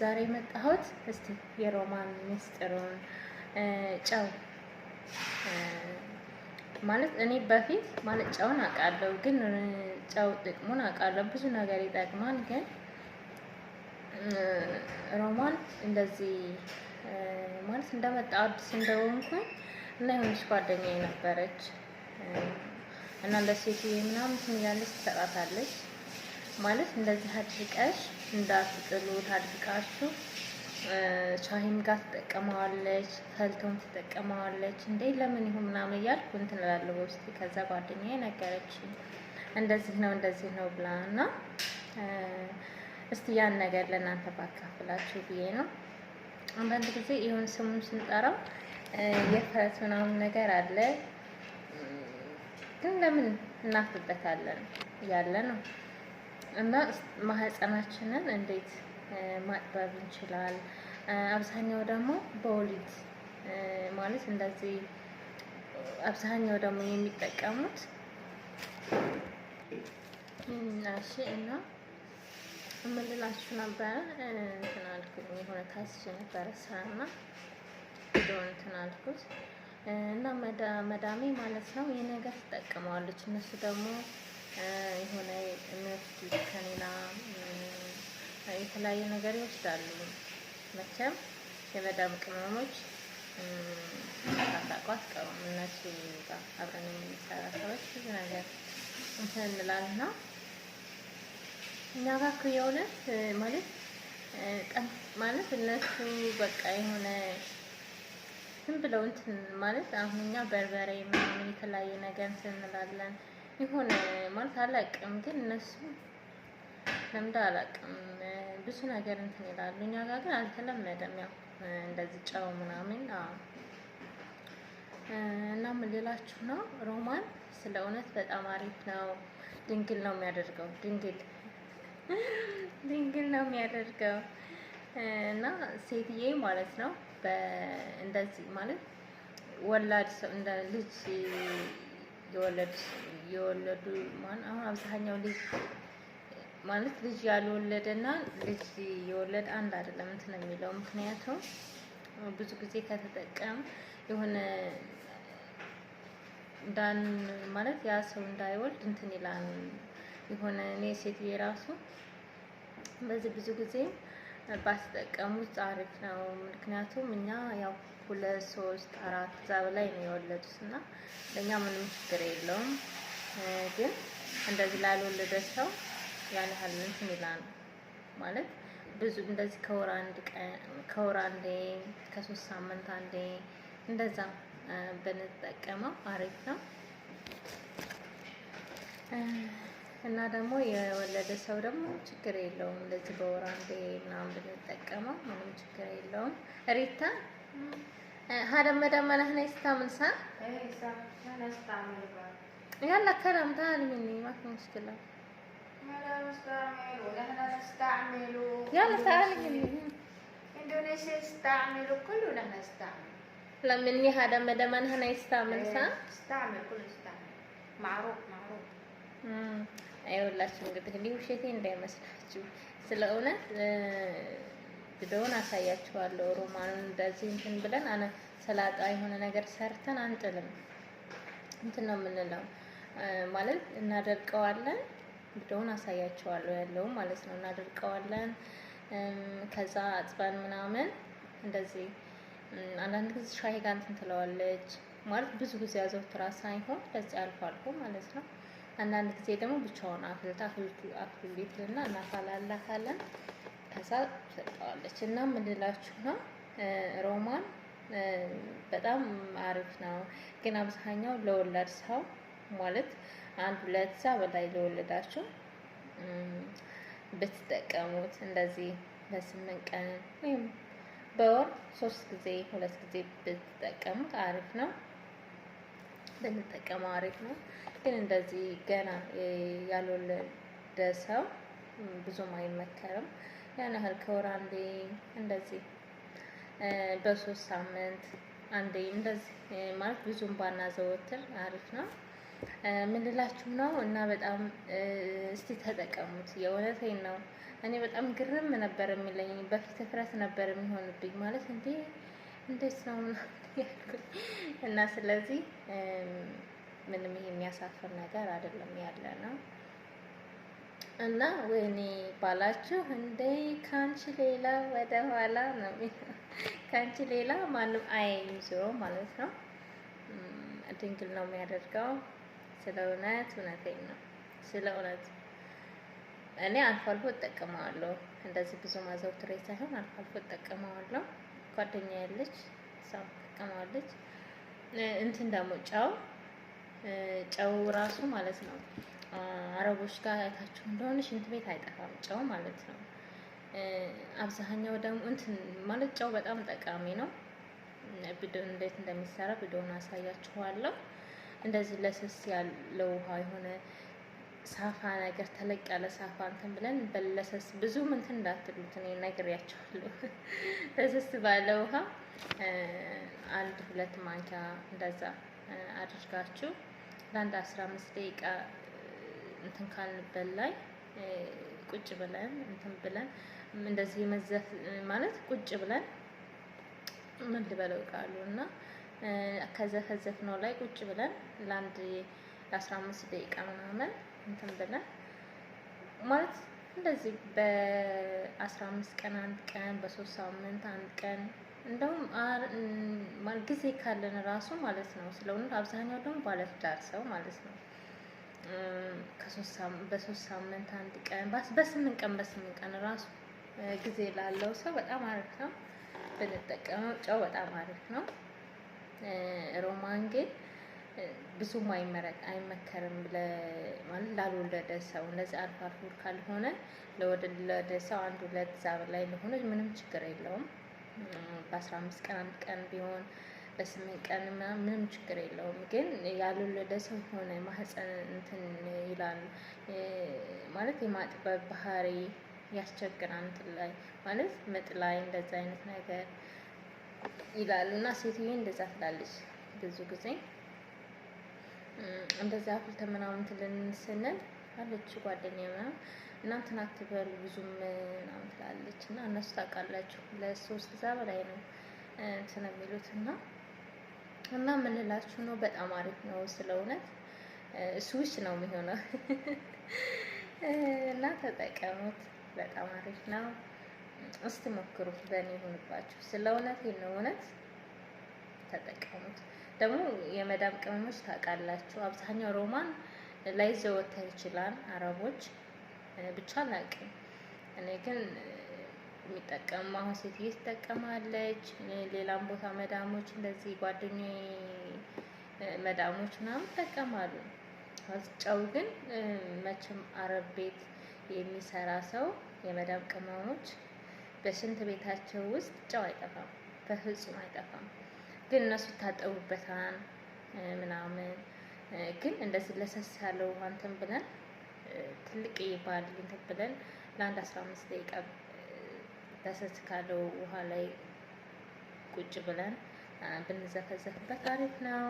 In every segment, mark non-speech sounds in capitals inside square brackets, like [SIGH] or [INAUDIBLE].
ዛሬ የመጣሁት እስቲ የሮማን ሚስጥሩን ጨው ማለት እኔ በፊት ማለት ጨውን አውቃለሁ፣ ግን ጨው ጥቅሙን አውቃለሁ፣ ብዙ ነገር ይጠቅማል። ግን ሮማን እንደዚህ ማለት እንደመጣ አዲስ እንደሆንኩኝ እና የሆነች ጓደኛዬ ነበረች እና እንደ ሴትዬ ምናምን ትንያለች፣ ትሰጣታለች ማለት እንደዚህ አድርቀሽ እንዳትጥሉ ታድርጋችሁ። ሻሂም ጋር ትጠቀመዋለች፣ ፈልቶን ትጠቀመዋለች። እንዴ ለምን ይሁን ምናምን እያልኩ እንትን እላለሁ በውስጤ። ከዛ ጓደኛዬ ነገረች እንደዚህ ነው እንደዚህ ነው ብላ እና እስቲ ያን ነገር ለእናንተ ባካፍላችሁ ብዬ ነው። አንዳንድ ጊዜ ይሁን ስሙን ስንጠራው የፈረት ምናምን ነገር አለ፣ ግን ለምን እናፍርበታለን ያለ ነው። እና ማህፀናችንን እንዴት ማጥበብ እንችላል? አብዛኛው ደግሞ በወሊድ ማለት እንደዚህ አብዛኛው ደግሞ የሚጠቀሙት እሺ እና እምልላችሁ ነበረ እንትን አልኩኝ የሆነ ታስቼ ነበረ ስራ እና ቪዲዮን እንትን አልኩት እና መዳሜ ማለት ነው ይህ ነገር ትጠቀመዋለች እነሱ ደግሞ የሆነ መፍትሄ ከሌላ ነገር ይወስዳሉ። መቼም የመዳም ቅመሞች አታውቁ አትቀሩም። እነሱ ጋር አብረን የምንሰራ ሰዎች ብዙ ነገር እንትን እኛ ጋር የእውነት ማለት ማለት እነሱ በቃ የሆነ ዝም ብለው እንትን ማለት አሁን እኛ በርበሬ ምናምን የተለያየ ነገር እንትን እንላለን። ይሁን ማለት አላውቅም፣ ግን እነሱ ለምዳ አላውቅም ብዙ ነገር እንትን ይላሉ። እኛ ጋር ግን አልተለመደም፣ ያው እንደዚህ ጨው ምናምን። እና ምን ልላችሁ ነው ሮማን ስለ እውነት በጣም አሪፍ ነው። ድንግል ነው የሚያደርገው፣ ድንግል [LAUGHS] ድንግል ነው የሚያደርገው። እና ሴትዬ ማለት ነው እንደዚህ ማለት ወላድ ሰው እንደ ልጅ የወለዱ አሁን አብዛኛው ልጅ ማለት ልጅ ያልወለደና ልጅ የወለደ አንድ አይደለም እንትን የሚለው ምክንያቱም ብዙ ጊዜ ከተጠቀም የሆነ እንዳን ማለት ያ ሰው እንዳይወልድ እንትን ይላል። የሆነ እኔ ሴት የራሱ በዚህ ብዙ ጊዜ ባስጠቀሙት አሪፍ ነው። ምክንያቱም እኛ ያው ሁለት ሶስት አራት እዛ በላይ ነው የወለዱት እና ለእኛ ምንም ችግር የለውም። ግን እንደዚህ ላልወለደ ሰው ያን ያህል እንትን ይላል ማለት ብዙ እንደዚህ ከወር አንድ ቀን ከወር አንዴ ከሶስት ሳምንት አንዴ እንደዛ ብንጠቀመው አሪፍ ነው እና ደግሞ የወለደ ሰው ደግሞ ችግር የለውም። እንደዚህ በወር አንዴ ምናምን ብንጠቀመው ምንም ችግር የለውም። ሪታ هذا ما نحن يستعمل سا؟ ايه يستعمل نستعمل يلا كلام تعال مني ما في مشكله ما نستعمل ونحن نستعمل يلا تعال مني إندونيسيا يستعمل كلنا نستعمل لمن هذا ما دام نحن يستعمل سا؟ يستعمل كل يستعمل معروف معروፍ አይወላችሁ እንግዲህ ሊውሸቴ እንዳይመስላችሁ ስለ እውነት ብለውን አሳያቸዋለሁ ሮማኑን እንደዚህ እንትን ብለን አነ ሰላጣ የሆነ ነገር ሰርተን አንጥልም። እንትን ነው የምንለው ማለት እናደርቀዋለን። ብለውን አሳያቸዋለሁ ያለው ማለት ነው። እናደርቀዋለን። ከዛ አጥበን ምናምን እንደዚህ አንዳንድ ጊዜ ሻይ ጋር እንትን ትለዋለች ማለት ብዙ ጊዜ አዘውትራ ሳይሆን በዚህ አልፎ አልፎ ማለት ነው። አንዳንድ ጊዜ ደግሞ ብቻውን አፍልታ አፍልቱ አፍልቱ ይልና እናፋላላካለን። ከዛ ሰጠዋለች እና ምንላችሁ ነው ሮማን በጣም አሪፍ ነው፣ ግን አብዛኛው ለወላድ ሰው ማለት አንድ ሁለት ሰው በላይ ለወለዳችሁ ብትጠቀሙት እንደዚህ በስምንት ቀን ወይም በወር ሶስት ጊዜ ሁለት ጊዜ ብትጠቀሙት አሪፍ ነው። ብንጠቀመው አሪፍ ነው፣ ግን እንደዚህ ገና ያልወለደ ሰው ብዙም አይመከርም። ያን ያህል ከወር አንዴ እንደዚህ በሶስት ሳምንት አንዴ እንደዚህ ማለት ብዙም ባናዘወትር አሪፍ ነው። ምንላችሁ ነው እና በጣም እስቲ ተጠቀሙት። የእውነቴን ነው። እኔ በጣም ግርም ነበር የሚለኝ በፊት እፍረት ነበር የሚሆንብኝ ማለት እንዴ እንዴት ነው እና ስለዚህ ምንም ይሄ የሚያሳፍር ነገር አይደለም ያለ ነው። እና ወይኔ ባላችሁ እንደ ካንቺ ሌላ ወደ ኋላ ነው፣ ካንቺ ሌላ ማንም አያይም ዞሮ ማለት ነው። ድንግል ነው የሚያደርገው። ስለ እውነት እውነተኝ ነው። ስለ እውነት እኔ አልፎ አልፎ እጠቀመዋለሁ። እንደዚህ ብዙ ማዘውትሬ ሳይሆን አልፎ አልፎ እጠቀመዋለሁ። ጓደኛ ያለች እሷም ትጠቀመዋለች። እንትን ደግሞ ጨው ጨው ራሱ ማለት ነው አረቦች ጋር አይታችሁ እንደሆነ ሽንት ቤት አይጠፋም ጨው ማለት ነው። አብዛኛው ደግሞ እንትን ማለት ጨው በጣም ጠቃሚ ነው። ብድን እንዴት እንደሚሰራ ብድን አሳያችኋለሁ። እንደዚህ ለስስ ያለው ውሃ የሆነ ሳፋ ነገር ተለቅ ያለ ሳፋ እንትን ብለን በለሰስ ብዙም እንትን እንዳትሉት እኔ ነግሬያቸዋለሁ። [LAUGHS] ለስስ ባለ ውሃ አንድ ሁለት ማንኪያ እንደዛ አድርጋችሁ ለአንድ አስራ አምስት ደቂቃ እንትን ካልንበት ላይ ቁጭ ብለን እንትን ብለን እንደዚህ መዘፍ ማለት ቁጭ ብለን ምን ልበለው ቃሉ እና ከዘፈዘፍ ነው ላይ ቁጭ ብለን ለአንድ ለአስራ አምስት ደቂቃ ምናምን እንትን ብለን ማለት እንደዚህ በአስራ አምስት ቀን አንድ ቀን በሶስት ሳምንት አንድ ቀን እንደውም ጊዜ ካለን ራሱ ማለት ነው ስለሆነ አብዛኛው ደግሞ ባለትዳር ሰው ማለት ነው በሶስት ሳምንት አንድ ቀን በስምንት ቀን በስምንት ቀን ራሱ ጊዜ ላለው ሰው በጣም አሪፍ ነው ብንጠቀመው። ጨው በጣም አሪፍ ነው። ሮማን ግን ብዙም አይመከርም ማለት ላልወለደ ሰው እንደዚህ አልፎ አልፎ ካልሆነ ለወለደ ሰው አንድ ሁለት ዛብ ላይ ለሆነች ምንም ችግር የለውም። በአስራ አምስት ቀን አንድ ቀን ቢሆን በስምንት ቀን ምንም ችግር የለውም። ግን ያልወለደ ሰው የሆነ ማህፀን እንትን ይላል ማለት የማጥበብ ባህሪ ያስቸግራል። እንትን ላይ ማለት ምጥ ላይ እንደዛ አይነት ነገር ይላሉ እና ሴትዮ እንደዛ ትላለች ብዙ ጊዜ እንደዛ አፍልተ ምናምን ትልን ስንል አለች ጓደኛ ምናምን እናንተን አትበሉ ብዙም ምናምን ትላለች እና እነሱ ታውቃላችሁ ለሶስት እዛ በላይ ነው እንትን የሚሉት እና እና የምንላችሁ ነው። በጣም አሪፍ ነው። ስለ እውነት ስዊች ነው የሚሆነው እና ተጠቀሙት። በጣም አሪፍ ነው። እስቲ ሞክሩት። በእኔ ይሁንባችሁ። ስለ እውነት ይህን እውነት ተጠቀሙት። ደግሞ የመዳም ቅመሞች ታውቃላችሁ፣ አብዛኛው ሮማን ላይ ዘወተር ይችላል። አረቦች ብቻ አላውቅም እኔ ግን የሚጠቀም አሁን ሴትዮ ትጠቀማለች። ሌላም ቦታ መዳሞች እንደዚህ ጓደኛ መዳሞች ምናምን ይጠቀማሉ። ጨው ግን መቼም አረብ ቤት የሚሰራ ሰው የመዳም ቅመሞች በሽንት ቤታቸው ውስጥ ጨው አይጠፋም፣ በፍጹም አይጠፋም። ግን እነሱ ይታጠቡበታል ምናምን። ግን እንደዚህ ለሰስ ያለው ውሃ እንትን ብለን ትልቅ ይባል እንትን ብለን ለአንድ አስራ አምስት ደቂቃ ለሰት ካለው ውሃ ላይ ቁጭ ብለን ብንዘፈዘፍበት አሪፍ ነው።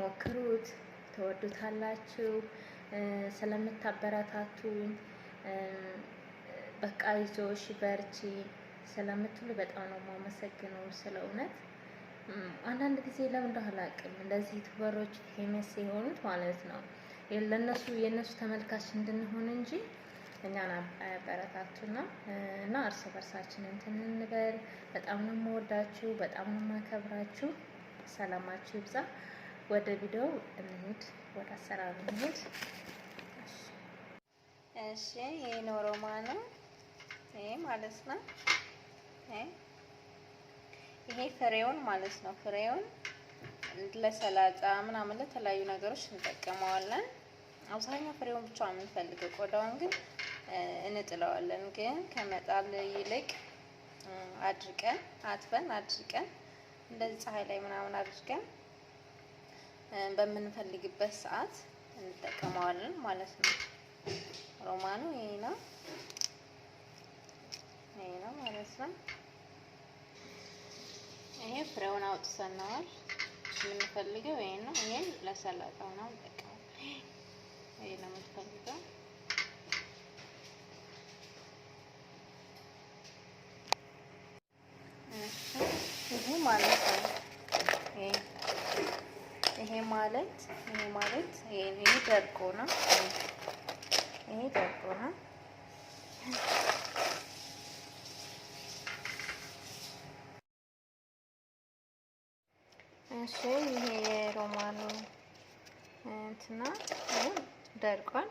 ሞክሩት፣ ተወዱታላችሁ። ስለምታበረታቱኝ በቃ ይዞሽ በርቺ ስለምትሉ በጣም ነው የማመሰግነው። ስለ እውነት አንዳንድ ጊዜ ለምን እንደሆነ አላውቅም፣ እንደዚህ ቱበሮች ፌመስ የሆኑት ማለት ነው ለነሱ የነሱ ተመልካች እንድንሆን እንጂ እኛን አያበረታቱና እና እርስ በርሳችን እንትን እንበል። በጣም ነው የምወዳችሁ፣ በጣም ነው የማከብራችሁ። ሰላማችሁ ይብዛ። ወደ ቪዲዮው እንሂድ፣ ወደ አሰራሩ እንሂድ። እሺ ይሄ ነው ይሄ ማለት ነው። ይሄ ፍሬውን ማለት ነው። ፍሬውን ለሰላጣ ምናምን ለተለያዩ ነገሮች እንጠቀመዋለን። አብዛኛው ፍሬውን ብቻ የምንፈልገው ቆዳውን ግን እንጥለዋለን። ግን ከመጣል ይልቅ አድርቀን አጥበን አድርቀን እንደዚህ ፀሐይ ላይ ምናምን አድርገን በምንፈልግበት ሰዓት እንጠቀመዋለን ማለት ነው። ሮማኑ ይሄ ነው ይሄ ነው ማለት ነው። ይሄ ፍሬውን አውጥተነዋል። የምንፈልገው ይሄን ነው። ይሄን ለሰላጣ ነው እንጠቀመው። ይሄ ነው የምንፈልገው። ይሄ ማለት ይሄ ማለት ይሄ ማለት ይሄ ደርቆ ነው። ይሄ ደርቆ ነው። እሺ ይሄ የሮማኑ እንትና ደርቋል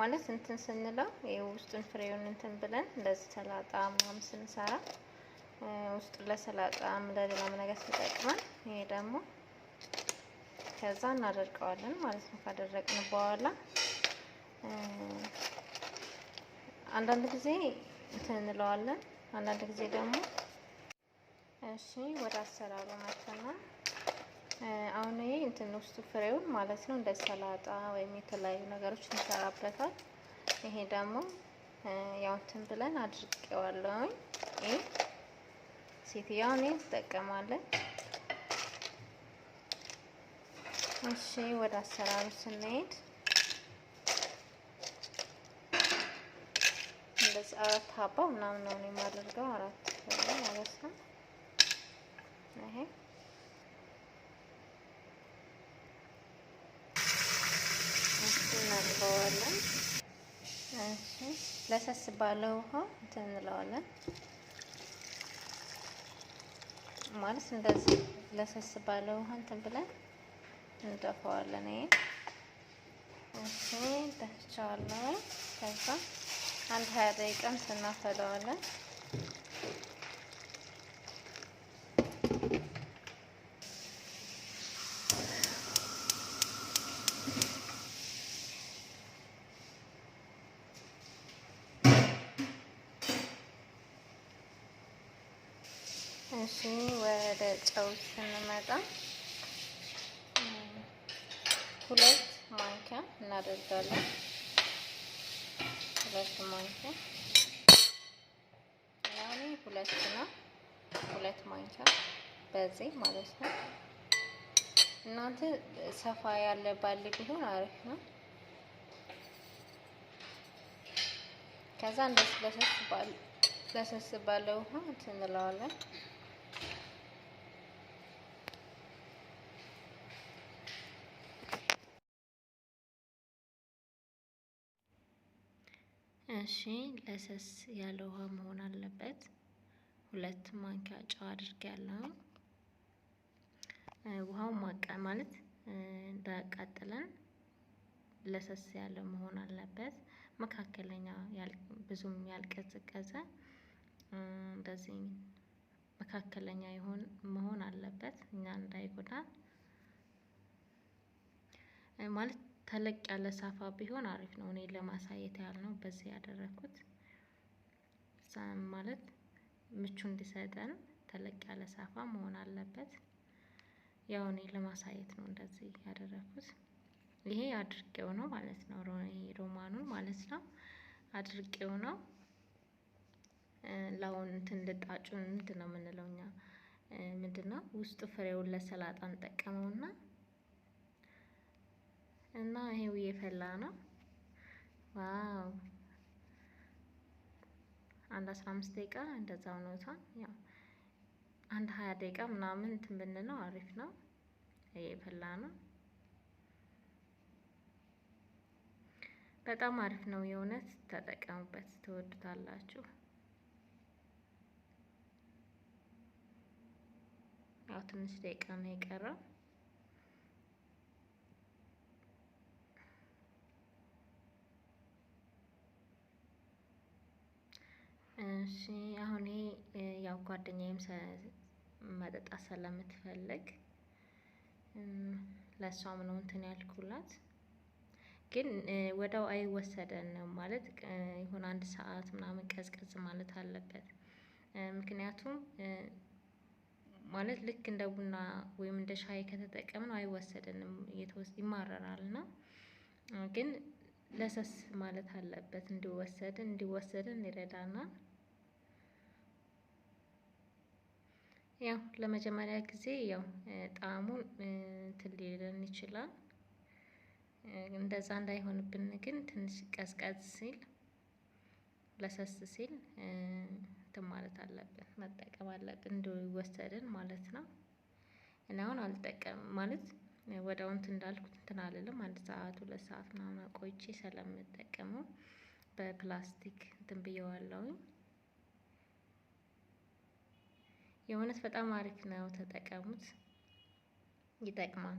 ማለት እንትን ስንለው ይሄ ውስጡን ፍሬውን እንትን ብለን እንደዚህ ሰላጣ ምናምን ስንሰራ ውስጡ ለሰላጣም ለሌላም ነገር ሲጠቅመን፣ ይሄ ደግሞ ከዛ እናደርቀዋለን ማለት ነው። ካደረቅን በኋላ አንዳንድ ጊዜ እንትን እንለዋለን፣ አንዳንድ ጊዜ ደግሞ እሺ። ወደ አሰራሩ መተና አሁን ይሄ እንትን ውስጡ ፍሬውን ማለት ነው እንደ ሰላጣ ወይም የተለያዩ ነገሮች እንሰራበታል። ይሄ ደግሞ ያው እንትን ብለን አድርቄዋለሁኝ ይሄ እኔ እንጠቀማለን። እሺ ወደ አሰራሩ ስንሄድ እንደዚህ አራት ሀባ ምናምን ነው የማደርገው። አራት ማለት ነው። ይሄ እናጥበዋለን። እሺ ለሰስ ባለው ውሃ እንትን እንለዋለን። ማለት እንደዚህ ለሰስ ባለ ውሃ እንትን ብለን እንጠፋዋለን። ይሄን እሺ ተቻለ። ከዛ አንድ ሀያ ደቂቃ ስናፈላዋለን። እሺ ወደ ጨው ስንመጣ ሁለት ማንኪያ እናደርጋለን። ሁለት ማንኪያ ያኔ ሁለት ነው፣ ሁለት ማንኪያ በዚህ ማለት ነው። እናንተ ሰፋ ያለ ባል ቢሆን አሪፍ ነው። ከዛ እንደዚህ ለሰስ ባለ ለሰስ ባለ ውሃ እንትን እንለዋለን። እሺ ለሰስ ያለ ውሃ መሆን አለበት። ሁለት ማንኪያ ጨው አድርጊያለሁ። ውሃው ማቀ ማለት እንዳያቃጥለን ለሰስ ያለ መሆን አለበት። መካከለኛ ብዙም ያልቀዘቀዘ እንደዚህ መካከለኛ ይሆን መሆን አለበት እኛ እንዳይጎዳን ማለት ተለቅ ያለ ሳፋ ቢሆን አሪፍ ነው። እኔ ለማሳየት ያህል ነው በዚህ ያደረኩት። ማለት ምቹ እንዲሰጠን ተለቅ ያለ ሳፋ መሆን አለበት። ያው እኔ ለማሳየት ነው እንደዚህ ያደረኩት። ይሄ አድርቄው ነው ማለት ነው። ሮማኑን ማለት ነው አድርቄው ነው። ላውን እንትን ልጣጩን ምንድን ነው የምንለው እኛ ምንድን ነው ውስጡ ፍሬውን ለሰላጣ እንጠቀመውና እና ይሄው እየፈላ ነው። ዋው አንድ አስራ አምስት ደቂቃ እንደዛው ነው። ያው አንድ ሀያ ደቂቃ ምናምን እንትን ብንለው አሪፍ ነው። እየፈላ ነው። በጣም አሪፍ ነው። የእውነት ተጠቀሙበት፣ ትወዱታላችሁ። ያው ትንሽ ደቂቃ ነው የቀረው። እሺ አሁን ያው ጓደኛዬም መጠጣት ስለምትፈልግ ለእሷም ነው እንትን ያልኩላት። ግን ወዳው አይወሰደንም ማለት ይሁን አንድ ሰዓት ምናምን ቀዝቀዝ ማለት አለበት። ምክንያቱም ማለት ልክ እንደ ቡና ወይም እንደ ሻይ ከተጠቀምን አይወሰደንም፣ ይማረራል እና ግን ለሰስ ማለት አለበት እንዲወሰድን እንዲወሰድን ይረዳናል። ያው ለመጀመሪያ ጊዜ ያው ጣዕሙን እንትን ሊለን ይችላል። እንደዛ እንዳይሆንብን ግን ትንሽ ቀዝቀዝ ሲል ለሰስ ሲል እንትን ማለት አለብን፣ መጠቀም አለብን እንዲወሰድን ማለት ነው። እና አሁን አልጠቀምም ማለት ወዲያው እንትን እንዳልኩት እንትን አልልም። አንድ ሰዓት ሁለት ሰዓት ምናምን ቆይቼ ስለምጠቀመው በፕላስቲክ እንትን ብየዋለሁኝ። የእውነት በጣም አሪፍ ነው፣ ተጠቀሙት፣ ይጠቅማል።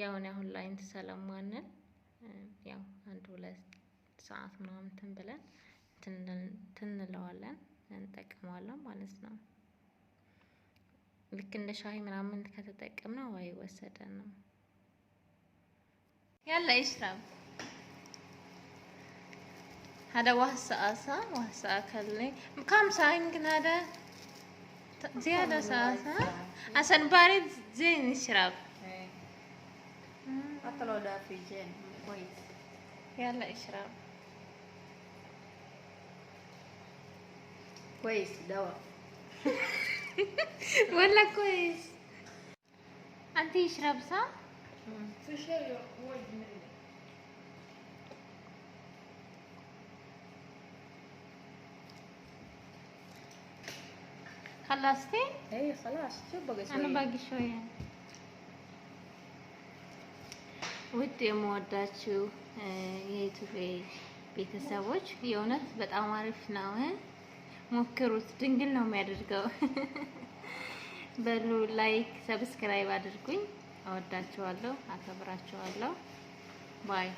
ያውን አሁን ላይ እንትን ስለማንል ያው አንድ ሁለት ሰዓት ምናምን እንትን ብለን ትንለዋለን እንለዋለን እንጠቀመዋለን ማለት ነው። ልክ እንደ ሻሂ ምናምን ከተጠቀምነው አይወሰደንም። ያለ ይሽራብ هذا وهسة أسا وهسة أكلي كم يمكن هذا زيادة ساعة عشان بارد زين يشرب حتى إيه. لو دافي زين كويس يلا اشرب كويس دواء [LAUGHS] ولا كويس أنتي اشرب صح؟ في شيء وايد خلصتي؟ اي خلاص شو بقى شوية انا باقي شوية ውድ የምወዳችሁ የዩቱብ ቤተሰቦች የእውነት በጣም አሪፍ ነው። ሞክሩት፣ ድንግል ነው የሚያደርገው። [LAUGHS] በሉ ላይክ፣ ሰብስክራይብ አድርጉኝ። እወዳችኋለሁ፣ አከብራችኋለሁ። ባይ